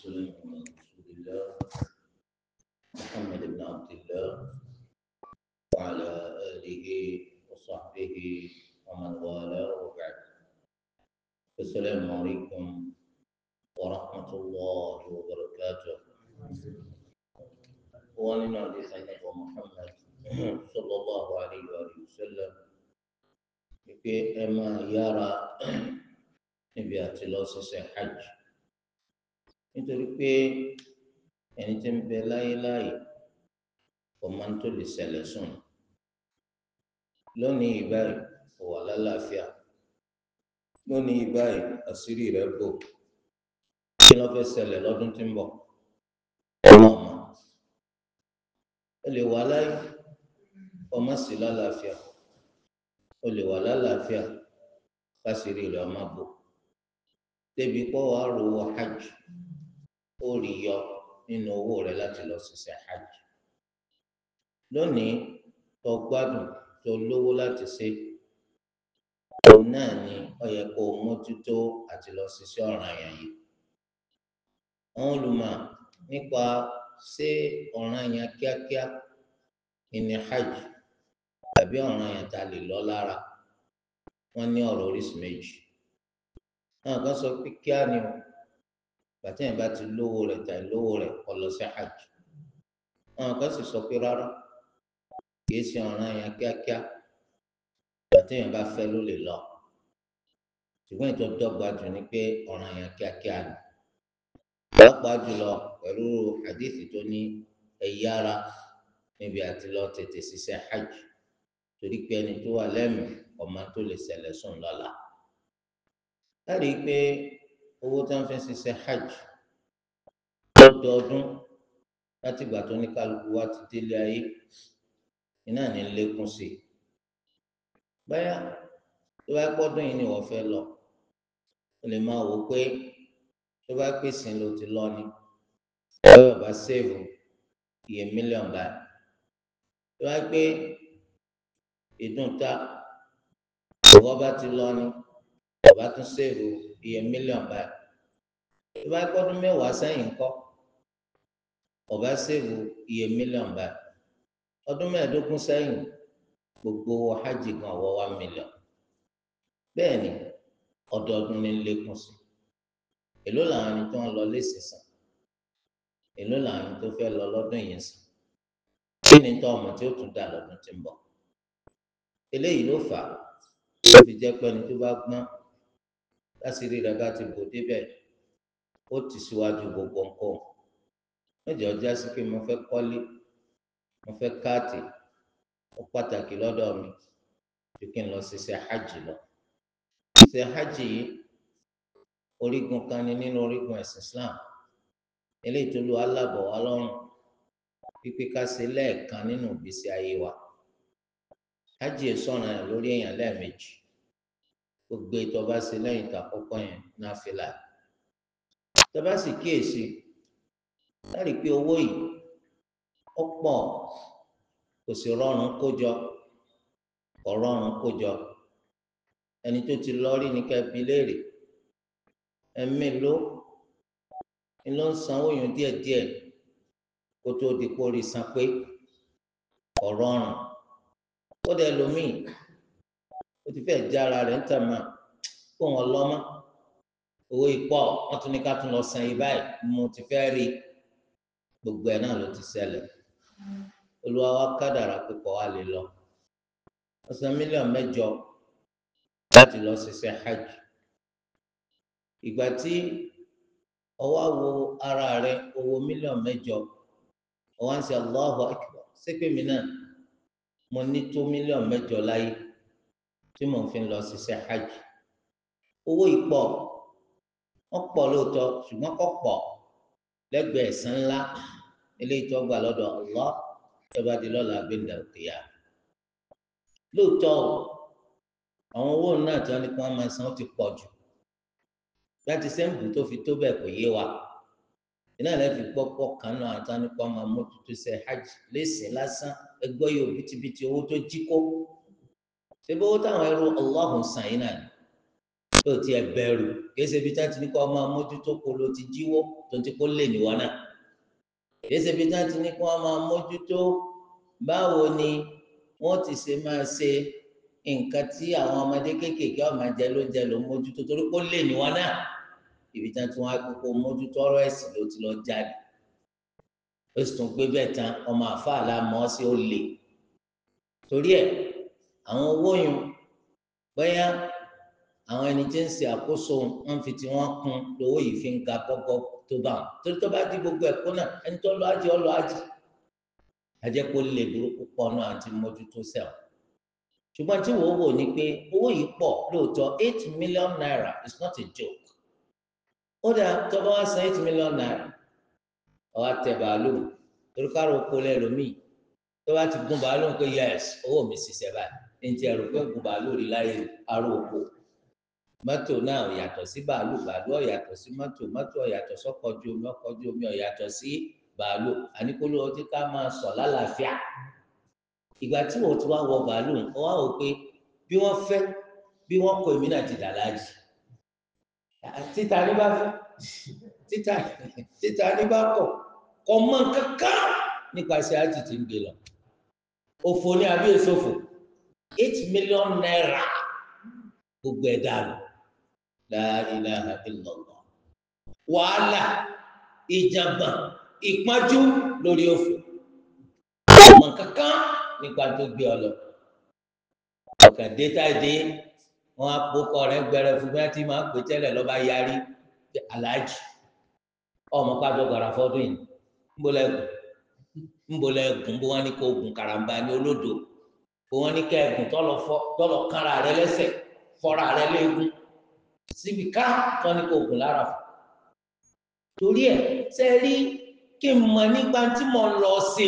والسلام على رسول الله محمد بن عبد الله وعلى آله وصحبه ومن والاه وبعد السلام عليكم ورحمة الله وبركاته ومن حديث النبي محمد صلى الله عليه وآله وسلم pé ẹ máa yára níbi àti nítorí pé ẹni tí ń bẹ láyéláyé kò máa ń tó lè ṣẹlẹ̀ sùn lónìí ìbáyìí kò wà lálàáfíà lónìí ìbáyìí àṣírí rẹ̀ bò kí ló fẹ́ ṣẹlẹ̀ lọ́dún tí ń bọ̀ ọlọ́run mọ̀ ẹ lè wà láyé kò má sí lálàáfíà o lè wà lálàáfíà káṣírí rẹ̀ ọmọ bò débi pọ́ wàá rò wọ hajj ó rí yọ nínú owó rẹ láti lọ ṣiṣẹ́ hajj lónìí tó gbádùn tó lówó láti ṣe òun náà ni ó yẹ kó o mójútó àti lọ ṣiṣẹ́ ọ̀ranyàn yìí àwọn olùmọ̀ nípa ṣé ọ̀ranyàn kíákíá ìní hajj tàbí ọ̀ranyàn tá a lè lọ lára wọn ní ọ̀rọ̀ oríṣi méjì náà kan sọ pé kíá ni o gbàtẹ́yìn bá ti lówó rẹ̀ tàì lówó rẹ̀ kó lọ sí hajj àwọn kan sì sọ pé rárá kìí ṣe ọ̀ràn yẹn kíákíá gbàtẹ́yìn bá fẹ́ ló lè lọ ṣùgbọ́n ìjọ dọ́gba jù ni pé ọ̀ràn yẹn kíákíá ni pàápàá jùlọ pẹ̀lú hadithi tó ní ẹ̀yára níbi àti lọ tètè ṣiṣẹ́ hajj torí pé ẹni tó wà lẹ́mìí ọmọ tó lè ṣẹlẹ̀ sùn lọ́la. láti rí i pé owó tó ń fi ṣiṣẹ́ hajj lọ́dọọdún láti ìgbà tó ní kálukú wa ti délé ayé iná ní lékún sí i báyà tó bá gbọ́dún yìí ni wọ́n fẹ́ lọ o lè máa wò pé tó bá pèsè ló ti lọ ni lọ́yọ̀ bá ṣèwò iye mílíọ̀nù báyìí tó bá gbé ìdúntà ìwọ́ bá ti lọ ni ọ̀bá tún ṣèwò iye mílíọ̀nù báyìí tó bá gbọ́dún mẹ́wàá sẹ́yìn ńkọ́ ọba ṣèwò iye mílíọ̀nù báyìí ọdún mẹ́ẹ̀ẹ́dógún sẹ́yìn gbogbo hajj gan wọ wá mílíọ̀nù bẹ́ẹ̀ ni ọdọọdún ní lékún sí èló làwọn ẹni tó ń lọ lé sísan èló làwọn ẹni tó fẹ́ lọ lọ́dún yìí sàn kí ni tó ọmọ tí ó tún dà lọ́dún tí ń bọ̀ eléyìí ló fà á ó fi jẹ́ pé ẹni tó bá gbọ́n lásìrí rẹ̀ bá ti bò débẹ̀ ó ti síwájú gbogbo nǹkan mẹ́jọ já sí pé mo fẹ́ kọ́lé mo fẹ́ káàtì ó pàtàkì mi ju kí n lọ ṣiṣẹ́ hajj lọ ṣiṣẹ́ hajj yìí orígun kan ni nínú orígun ẹ̀sìn Islam eléyìí tó lu wa lọ́rùn pípé ká ṣe lẹ́ẹ̀kan nínú ìgbésí ayé wa hajj gbogbo ètò ọba ṣe lẹ́yìn tó àkọ́kọ́ yẹn náà fi là tọba sì kíyèsí láti pé owó yìí ó pọ̀ kò sì rọrùn kójọ kò rọrùn kójọ ẹni tó ti lọ rí ni ká bi léèrè ẹmí ló ń lọ sanwó yẹn díẹ̀díẹ̀ kó tó di kó rí san pé kò rọrùn ó dẹ lómìn ti fẹ́ já ara rẹ̀ ń tà máa kó wọn lọ́mọ owó ìpọ̀ wọ́n tún ní ká tún lọ san yìí báyìí mo ti fẹ́ rí gbogbo ẹ̀ náà ló ti ṣẹlẹ̀ olúwa wa kádàrà pípọ̀ wa lè lọ ó san mílíọ̀nù mẹ́jọ láti lọ ṣiṣẹ́ hajj ìgbà tí ọwọ́ wo ara rẹ̀ owó mílíọ̀nù mẹ́jọ ọwọ́ ń ṣe Allahu Akbar ṣé pé mi náà mo ní tó mílíọ̀nù mẹ́jọ láyé. tí mò ń fi lọ ṣiṣẹ́ hajj owó ìpọ̀ lóòótọ́ ṣùgbọ́n lẹ́gbẹ̀ẹ́ lọ́dọ̀ di lọ́la gbẹ̀ndà àwọn owó náà tí wọ́n ní kí ti pọ̀ jù láti tó fi tó bẹ́ẹ̀ kò yé wa iná fi gbọ́pọ̀ hajj lásán ṣebí owó táwọn ẹrú ọlọ́hùn sàn yín náà tó ti ẹ bẹ̀rù kéṣe bí táwọn ti ní kọ́ máa mójútó kó ló ti jíwó tó ti kó lè níwọ̀n náà kéṣe bí táwọn ti ní kọ́ máa mójútó báwo ni wọ́n ti ṣe máa ṣe nǹkan tí àwọn ọmọdé kéékèèké ọmọ jẹ ló jẹ ló mójútó torí kó lè níwọ̀n náà ibi tí wọ́n á kókó mójútó ọ̀rọ̀ ẹ̀sìn ló ti lọ jáde ó sì tún gbé bẹ́ẹ̀ tán ọmọ àfáà la mọ̀ ọ́ sí ó torí ẹ̀ àwọn owó yun bóyá àwọn ẹni tí ń ṣe àkóso wọn fi tí wọn kún lówó yìí fi ń ga gbọgbọ tó bá wọn torí tó bá di gbogbo ẹ̀kọ́ náà ẹni tó lọ àjẹ ọlọ àjẹ àjẹpọ lè burúkú pọ náà àti mójútó sẹwọn ṣùgbọ́n tí wọ́n wò ni pé owó yìí pọ̀ lóòótọ́ eight million naira is not a joke ó dáa tó bá wá san eight million naira ọ̀wá tẹ bàálù torí káàró oko lẹ́lòmíì tó bá ti gun bàálù pé yes owó mi ṣiṣẹ́ báyìí ntí ẹrù pé nǹkan bàálù rí láyé aró oko mọ́tò náà ọ̀yàtọ̀ sí bàálù bàálù ọ̀yàtọ̀ sí mọ́tò mọ́tò ọ̀yàtọ̀ sọ́kọ̀jú omi ọkọ̀jú omi ọ̀yàtọ̀ sí bàálù àníkóló ọtí ká máa sọ lálàáfíà ìgbà tí wọ́n ti wá wọ bàálù nǹkan wá wò pé bí wọ́n fẹ́ bí wọ́n kọ èmi náà ti dà láàjì títa ní bá fẹ́ títa títa ní bá kọ̀ kọ́ mọ́ kankan nípasẹ̀ àjì ń gbé lọ òfò ni àbí èsòfò eight million naira gbogbo ẹ̀ dànù la ilaha illallah wàhálà ìjàmbá ìpájú lórí òfin ọmọ kankan nípa tó gbé ọ lọ ọkàn déta dé wọn àpòkọ rẹ gbẹrẹ fún mi àti máa pè tẹ́lẹ̀ lọba yarí aláàjì ọmọ pàdé ọgọrà fọdún yìí ń bọ lẹgùn ń bọ lẹgùn ń wọn ni kò gùn karambà ní òun ni kẹgùn tọlọ kanra rẹ lẹ́sẹ̀ fọ́ra rẹ léegun síbi ká tọ́ ni kò gùn lára fún torí ẹ ṣe rí kí n mọ nígbà tí mo lọ sí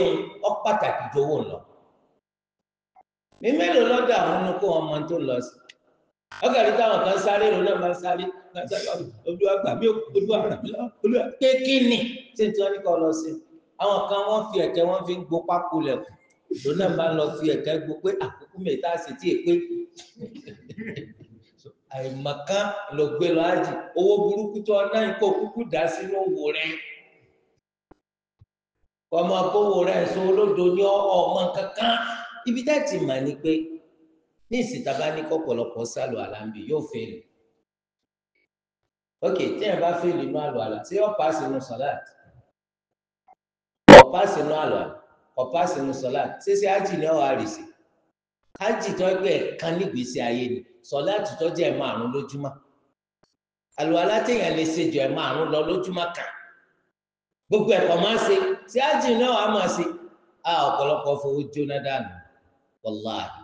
ọ pàtàkì ju lọ mélòó lọ́dọ̀ àwọn ọmọ kó wọn mọ tó lọ sí ọgàrí táwọn kan sáré ló náà máa sáré olúwa gbà lòun náà bá lọ fi ẹ̀kẹ́ gbó pé àkókò mẹ́ta sì tí è pé àìmọ̀kan ló gbé lọ ájì owó burúkú tó ọ náà kó kúkú dá sínú òwò rẹ ọmọ akówó rẹ sọ olódo ní ọmọ kankan ibi tá ti mà ní pé ní ìsìta bá ní kọ́pọ̀lọpọ̀ sálọ àlàmbì yóò fèrè ok tí ẹ bá fèrè inú àlọ àlà tí ó pàṣẹ inú sọláàtì ó àlọ àlà kọpaasi nu sọlá ṣẹṣẹ ájì ni ọwọ àrèsè ájì tó ẹgbẹ kan nígbèsè ayé ni sọlá àtútọ jẹ ẹ márùn lójúmọ́ àlùwàlá téèyàn lè ṣe jọ ẹ márùn lọ lójúmọ́ kan gbogbo ẹ̀kọ́ máa ṣe ṣé ájì ni ọwọ àmọ́ ṣe á ọ̀pọ̀lọpọ̀ fowó jóná dànù wàláhì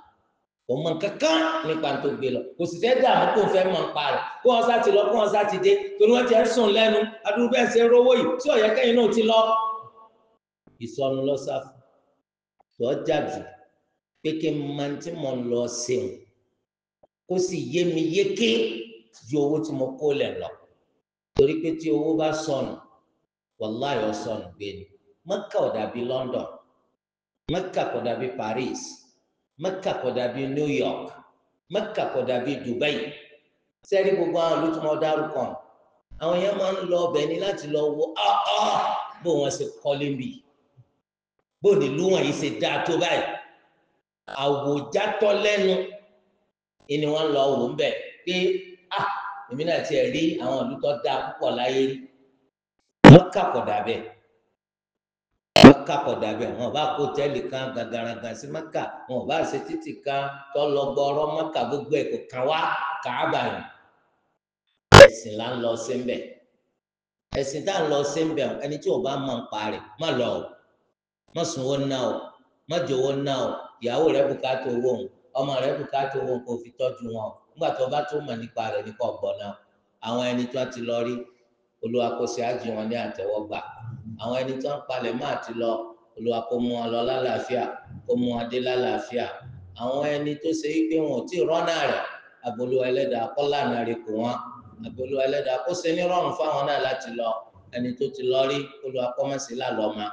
kò mọ kankan nípa tó gbé lọ kò sì fẹ́ dààmú kó fẹ́ mọ̀ nípa rẹ̀ kó wọn sá ti lọ kó wọn sá ti dé torí wọn ti ń sùn lẹ́nu adúrú bẹ́ẹ̀ ṣe rówó yìí tí ọ̀yẹ́kẹ́yìn náà ti lọ ìsọnù lọ sáfù lọ́jà jù pé kí n máa tí mo lọ ṣeun kó sì yé mi yéké ju owó tí mo kó lẹ̀ lọ torí pé tí owó bá sọnù wàláyé ó sọnù gbé ni Mẹ́kà ò dàbí London Mẹ́kà kò dàbí Paris Mẹ́kà kò dàbí New York Mẹ́kà kò dàbí Dubai sẹ́rí gbogbo àwọn olùtúmọ̀ dárúkọ àwọn yẹn máa ń lọ ọbẹ̀ ni láti lọ wo ah, ah, bó wọn ṣe kọ́lé bíi bóòdì ìlú wọ̀nyí ṣe dáa tó báyìí àwòjátọ́ lẹ́nu ni wọ́n lọ wò ń bẹ̀ pé à èmi náà ti rí àwọn ìlú tó dáa púpọ̀ láyé rí mọ́kà kò dà bẹ́ẹ̀ mọ́kà kò dà bá kó tẹ́lì kan gàgàràgà sí mọ́kà wọn bá ṣe títì kan tó mọ́kà gbogbo ẹ̀ kò kàn wá kàábà yìí ẹ̀sìn là ń lọ sí ń bẹ̀ ẹ̀sìn tá à ń lọ sí ń bẹ̀ ẹni tí ò bá mọ̀ ń parí má lọ má sunwó ná o má jọ̀wọ́ ná o ìyàwó rẹ bùkátà owó òun ọmọ rẹ bùkátà owó òun kò fi tọ́jú wọn nígbà tó bá tó mọ̀ nípa rẹ̀ nípa ọ̀gbọ́n náà àwọn ẹni tó ti lọ rí olùwàkóso àjì wọn ní àtẹ́wọ́gbà àwọn ẹni tó ń palẹ̀ máa ti lọ olùwà kó mú wọn lọ lálàáfíà kó mú wọn dé lálàáfíà àwọn ẹni tó ṣe é pé wọn ò tí ì rọ́nà rẹ̀ agolo ẹlẹ́dàá kọ́ lànà rẹ̀ kò wọ́n agolo ẹlẹ́dàá kó ṣe ní rọrùn fáwọn náà láti lọ ẹni tó ti lọ rí olùwà kọ́mọ̀sí làlọ́ máa.